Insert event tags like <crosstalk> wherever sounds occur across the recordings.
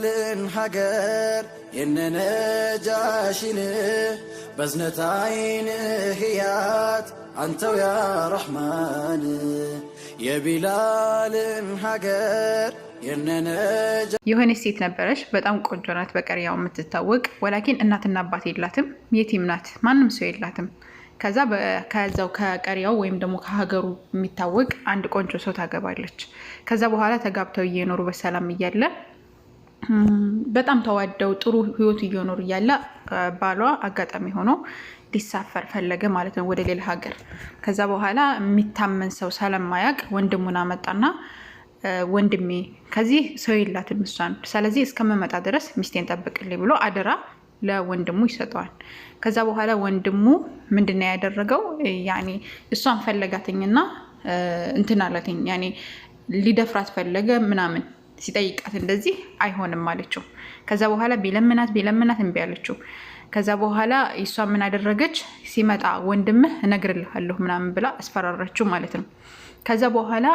ያልን ሀገር የነነጃሽን በዝነት አይን ህያት አንተው ያ ረሕማን የቢላልን ሀገር የሆነች ሴት ነበረች። በጣም ቆንጆ ናት፣ በቀሪያው የምትታወቅ ወላኪን እናትና አባት የላትም፣ የቲም ናት፣ ማንም ሰው የላትም። ከዛ ከዛው ከቀሪያው ወይም ደግሞ ከሀገሩ የሚታወቅ አንድ ቆንጆ ሰው ታገባለች። ከዛ በኋላ ተጋብተው እየኖሩ በሰላም እያለ በጣም ተዋደው ጥሩ ህይወት እየኖሩ እያለ ባሏ አጋጣሚ ሆኖ ሊሳፈር ፈለገ ማለት ነው ወደ ሌላ ሀገር። ከዛ በኋላ የሚታመን ሰው ስለማያውቅ ወንድሙን አመጣና ወንድሜ ከዚህ ሰው የላትም እሷን፣ ስለዚህ እስከምመጣ ድረስ ሚስቴን ጠብቅልኝ ብሎ አደራ ለወንድሙ ይሰጠዋል። ከዛ በኋላ ወንድሙ ምንድን ነው ያደረገው? ያኔ እሷን ፈለጋትኝና እንትን አላትኝ ያኔ ሊደፍራት ፈለገ ምናምን ሲጠይቃት እንደዚህ አይሆንም አለችው። ከዛ በኋላ ቢለምናት ቢለምናት እምቢ አለችው። ከዛ በኋላ እሷ ምን አደረገች? ሲመጣ ወንድምህ እነግርልሃለሁ ምናምን ብላ አስፈራራችው ማለት ነው። ከዛ በኋላ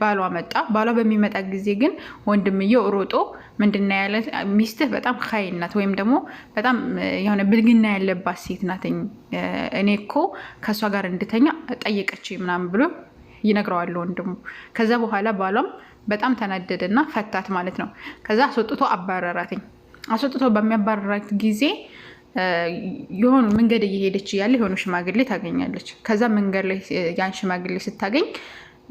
ባሏ መጣ። ባሏ በሚመጣ ጊዜ ግን ወንድምየው ሮጦ ምንድና ያለ ሚስትህ በጣም ሀይ ናት፣ ወይም ደግሞ በጣም የሆነ ብልግና ያለባት ሴት ናትኝ። እኔ እኮ ከእሷ ጋር እንድተኛ ጠየቀች ምናምን ብሎ ይነግረዋል ወንድሙ። ከዛ በኋላ ባሏም በጣም እና ፈታት ማለት ነው። ከዛ አስወጥቶ አባረራትኝ። አስወጥቶ በሚያባረራት ጊዜ የሆኑ መንገድ እየሄደች እያለ የሆኑ ሽማግሌ ታገኛለች። ከዛ መንገድ ላይ ያን ሽማግሌ ስታገኝ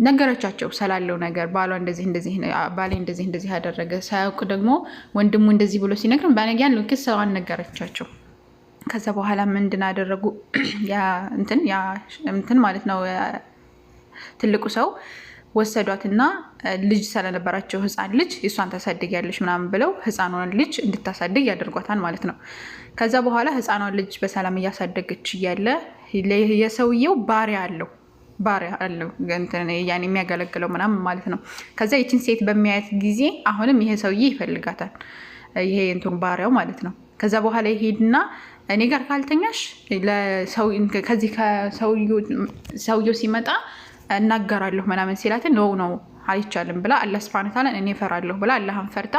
ነገረቻቸው ስላለው ነገር ባሏ እንደዚህ እንደዚህ ባሌ እንደዚህ እንደዚህ ያደረገ ሳያውቅ ደግሞ ወንድሙ እንደዚህ ብሎ ሲነግርም በነጊያን ልክስ ሰዋን ነገረቻቸው። ከዛ በኋላ ምንድን አደረጉ <clears throat> እንትን ማለት ነው ትልቁ ሰው ወሰዷትና ልጅ ስለነበራቸው ህፃን ልጅ እሷን ታሳድጊያለሽ ምናምን ብለው ህፃኗን ልጅ እንድታሳድግ ያደርጓታል ማለት ነው። ከዛ በኋላ ህፃኗን ልጅ በሰላም እያሳደገች እያለ የሰውየው ባሪያ አለው ባሪያ አለው የሚያገለግለው ምናምን ማለት ነው። ከዛ ይችን ሴት በሚያየት ጊዜ አሁንም ይሄ ሰውዬ ይፈልጋታል። ይሄ እንትን ባሪያው ማለት ነው። ከዛ በኋላ ይሄድና እኔ ጋር ካልተኛሽ ከዚህ ሰውየው ሲመጣ እናገራለሁ ምናምን ሲላትን ነው ነው አይቻልም ብላ አላህ ሱብሐነሁ እኔ እፈራለሁ ብላ አላህን ፈርታ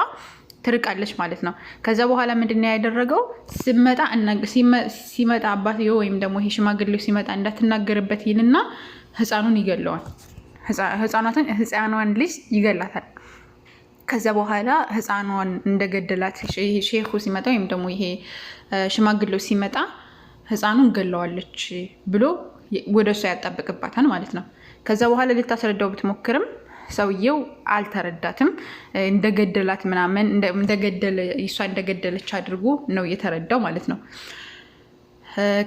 ትርቃለች ማለት ነው። ከዛ በኋላ ምንድን ነው ያደረገው? ሲመጣ አባትየው ወይም ደግሞ ይሄ ሽማግሌው ሲመጣ እንዳትናገርበት ይልና ህፃኑን ይገለዋል። ህፃኗትን ህፃኗን ልጅ ይገላታል። ከዛ በኋላ ህፃኗን እንደገደላት ሼሁ ሲመጣ ወይም ደግሞ ይሄ ሽማግሌው ሲመጣ ህፃኑን ገለዋለች ብሎ ወደ እሷ ያጣበቅባታል ማለት ነው። ከዛ በኋላ ልታስረዳው ብትሞክርም ሰውየው አልተረዳትም። እንደገደላት ምናምን እንደገደለ እሷ እንደገደለች አድርጎ ነው እየተረዳው ማለት ነው።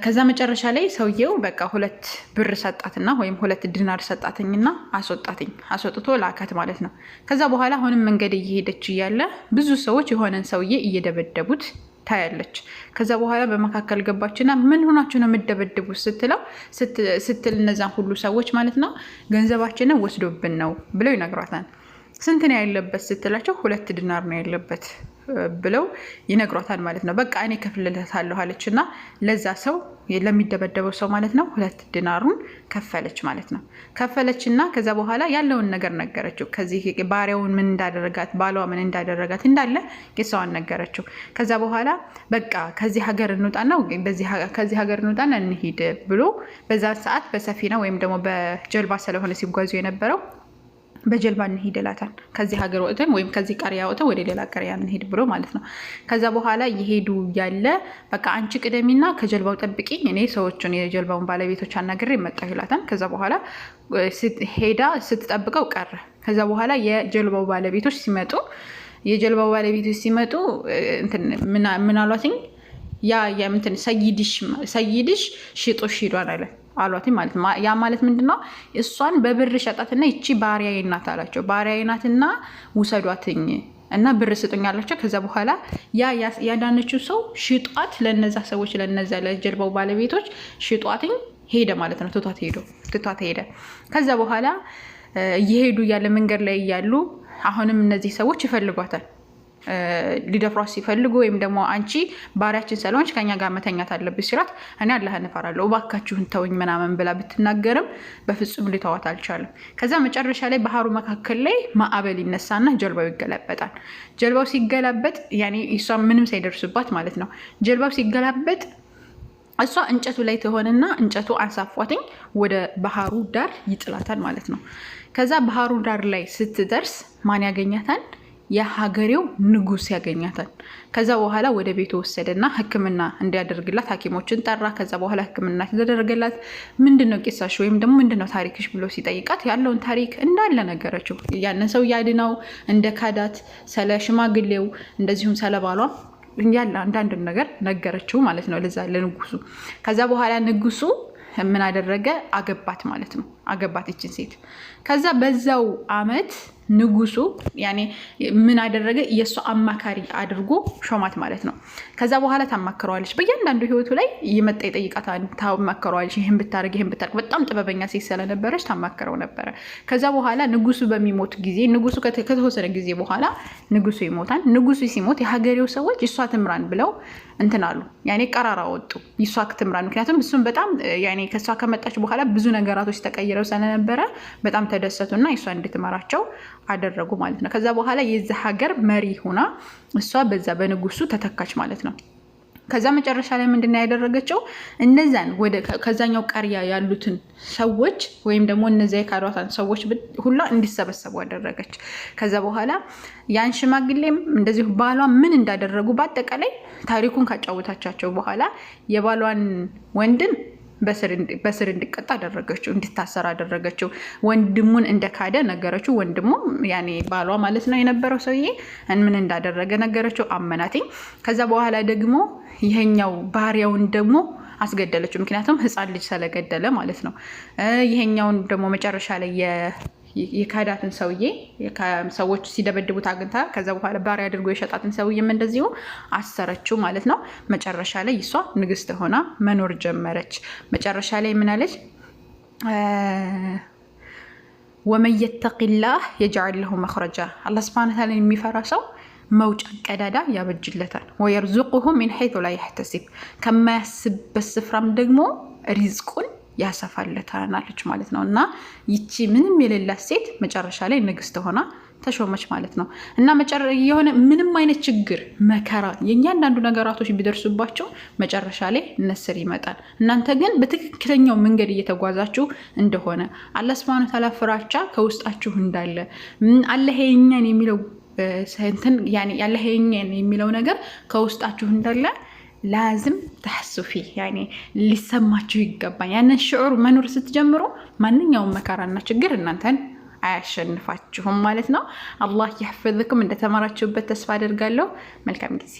ከዛ መጨረሻ ላይ ሰውየው በቃ ሁለት ብር ሰጣትና ወይም ሁለት ዲናር ሰጣትኝና አስወጣትኝ አስወጥቶ ላካት ማለት ነው። ከዛ በኋላ አሁንም መንገድ እየሄደች እያለ ብዙ ሰዎች የሆነን ሰውዬ እየደበደቡት ታያለች። ከዛ በኋላ በመካከል ገባችና ምን ሆናችሁ ነው የምደበድቡ ስትለው ስትል እነዛን ሁሉ ሰዎች ማለት ነው ገንዘባችንን ወስዶብን ነው ብለው ይነግሯታል። ስንት ነው ያለበት ስትላቸው ሁለት ድናር ነው ያለበት ብለው ይነግሯታል ማለት ነው። በቃ እኔ ከፍልለታለሁ አለች እና ለዛ ሰው ለሚደበደበው ሰው ማለት ነው ሁለት ዲናሩን ከፈለች ማለት ነው። ከፈለች እና ከዛ በኋላ ያለውን ነገር ነገረችው። ከዚህ ባሪያውን ምን እንዳደረጋት፣ ባሏ ምን እንዳደረጋት እንዳለ ጌሳዋን ነገረችው። ከዛ በኋላ በቃ ከዚህ ሀገር እንውጣና ከዚህ ሀገር እንውጣና እንሂድ ብሎ በዛ ሰዓት በሰፊና ወይም ደግሞ በጀልባ ስለሆነ ሲጓዙ የነበረው በጀልባ እንሄድ እላታል። ከዚህ ሀገር ወጥተን ወይም ከዚህ ቀሪያ ወጥተን ወደ ሌላ ቀሪያ እንሄድ ብሎ ማለት ነው። ከዛ በኋላ እየሄዱ ያለ በቃ አንቺ ቅደሚና ከጀልባው ጠብቂኝ፣ እኔ ሰዎቹን የጀልባውን ባለቤቶች አናግሬ መጣሁ ይላታል። ከዛ በኋላ ሄዳ ስትጠብቀው ቀረ። ከዛ በኋላ የጀልባው ባለቤቶች ሲመጡ የጀልባው ባለቤቶች ሲመጡ ምናሏትኝ ያ የምትን ሰይድሽ ሽጦሽ ሂዷን አለ አሏትኝ ማለት ነው። ያ ማለት ምንድን ነው? እሷን በብር ሸጣትና ይቺ ባሪያዬ ናት አላቸው። ባሪያዬ ናትና ውሰዷትኝ እና ብር ስጡኝ አላቸው። ከዛ በኋላ ያ ያዳነችው ሰው ሽጧት ለነዛ ሰዎች ለነዛ ለጀልባው ባለቤቶች ሽጧትኝ ሄደ ማለት ነው። ትቷት ሄዶ ትቷት ሄደ። ከዛ በኋላ እየሄዱ እያለ መንገድ ላይ እያሉ አሁንም እነዚህ ሰዎች ይፈልጓታል ሊደፍሯት ሲፈልጉ ወይም ደግሞ አንቺ ባሪያችን ስለሆንች ከኛ ጋር መተኛት አለብሽ ሲላት እኔ አላህን እፈራለሁ እባካችሁን ተውኝ ምናምን ብላ ብትናገርም በፍጹም ሊተዋት አልቻለም። ከዛ መጨረሻ ላይ ባህሩ መካከል ላይ ማዕበል ይነሳና ጀልባው ይገላበጣል። ጀልባው ሲገላበጥ ያኔ እሷ ምንም ሳይደርስባት ማለት ነው። ጀልባው ሲገላበጥ እሷ እንጨቱ ላይ ትሆንና እንጨቱ አንሳፏትኝ ወደ ባህሩ ዳር ይጥላታል ማለት ነው። ከዛ ባህሩ ዳር ላይ ስትደርስ ማን ያገኛታል? የሀገሬው ንጉስ ያገኛታል። ከዛ በኋላ ወደ ቤቱ ወሰደና ሕክምና እንዲያደርግላት ሐኪሞችን ጠራ። ከዛ በኋላ ሕክምና ተደረገላት። ምንድን ነው ቂሳሽ ወይም ደግሞ ምንድን ነው ታሪክሽ ብሎ ሲጠይቃት ያለውን ታሪክ እንዳለ ነገረችው። ያንን ሰው ያድናው እንደ ካዳት፣ ስለ ሽማግሌው፣ እንደዚሁም ስለ ባሏ ያለ አንዳንድ ነገር ነገረችው ማለት ነው ለዛ ለንጉሱ። ከዛ በኋላ ንጉሱ ምን አደረገ? አገባት ማለት ነው። አገባት ይችን ሴት ከዛ በዛው አመት ንጉሱ ያኔ ምን አደረገ? የእሱ አማካሪ አድርጎ ሾማት ማለት ነው። ከዛ በኋላ ታማክረዋለች። በእያንዳንዱ ህይወቱ ላይ የመጣ የጠይቃታል። ታማክረዋለች። ይህን ብታደርግ ይህን ብታደርግ፣ በጣም ጥበበኛ ሴት ስለነበረች ታማክረው ነበረ። ከዛ በኋላ ንጉሱ በሚሞት ጊዜ ንጉሱ ከተወሰነ ጊዜ በኋላ ንጉሱ ይሞታል። ንጉሱ ሲሞት የሀገሬው ሰዎች እሷ ትምራን ብለው እንትን አሉ። ያኔ ቀራራ ወጡ። እሷ ትምራን። ምክንያቱም እሱም በጣም ያኔ ከእሷ ከመጣች በኋላ ብዙ ነገራቶች ተቀይረው ስለነበረ በጣም ተደሰቱና እሷ እንድትመራቸው አደረጉ ማለት ነው። ከዛ በኋላ የዛ ሀገር መሪ ሆና እሷ በዛ በንጉሱ ተተካች ማለት ነው። ከዛ መጨረሻ ላይ ምንድን ያደረገችው እነዛን ወደ ከዛኛው ቀሪያ ያሉትን ሰዎች ወይም ደግሞ እነዚ የካሯታን ሰዎች ሁላ እንዲሰበሰቡ አደረገች። ከዛ በኋላ ያን ሽማግሌም እንደዚሁ ባሏ ምን እንዳደረጉ በአጠቃላይ ታሪኩን ካጫወታቻቸው በኋላ የባሏን ወንድን በስር እንዲቀጣ አደረገችው፣ እንዲታሰር አደረገችው። ወንድሙን እንደካደ ነገረችው። ወንድሙ ያኔ ባሏ ማለት ነው የነበረው ሰውዬ ምን እንዳደረገ ነገረችው። አመናትኝ። ከዛ በኋላ ደግሞ ይሄኛው ባሪያውን ደግሞ አስገደለችው። ምክንያቱም ህፃን ልጅ ስለገደለ ማለት ነው። ይሄኛውን ደግሞ መጨረሻ ላይ የካዳትን ሰውዬ ሰዎች ሲደበድቡት አግኝታ ከዛ በኋላ ባሪያ አድርጎ የሸጣትን ሰውዬም እንደዚሁ አሰረችው ማለት ነው። መጨረሻ ላይ እሷ ንግስት ሆና መኖር ጀመረች። መጨረሻ ላይ ምናለች? ወመየተቂላህ የጅዓል ለሁ መክረጃ፣ አላህ ሱብሓነሁ ወተዓላ የሚፈራ ሰው መውጫን ቀዳዳ ያበጅለታል። ወየርዙቁሁ ሚን ሐይቱ ላ ያሕተሲብ ከማያስብበት ስፍራም ደግሞ ሪዝቁን ያሰፋለታናለች ማለት ነው። እና ይቺ ምንም የሌላት ሴት መጨረሻ ላይ ንግስት ሆና ተሾመች ማለት ነው። እና የሆነ ምንም አይነት ችግር መከራ፣ የእያንዳንዱ ነገራቶች ቢደርሱባቸው መጨረሻ ላይ ነስር ይመጣል። እናንተ ግን በትክክለኛው መንገድ እየተጓዛችሁ እንደሆነ አላህ ሱብሃነሁ ወተዓላ ፍራቻ ከውስጣችሁ እንዳለ አላህ የእኛን የሚለው ያለ ያለኸኛን የሚለው ነገር ከውስጣችሁ እንዳለ ላዝም ተሐሱ ፊህ ያኔ ሊሰማችሁ ይገባል። ያንን ሽዑር መኖር ስትጀምሩ ማንኛውም መከራና ችግር እናንተን አያሸንፋችሁም ማለት ነው። አላህ ያሕፍዝኩም። እንደተማራችሁበት ተስፋ አደርጋለሁ። መልካም ጊዜ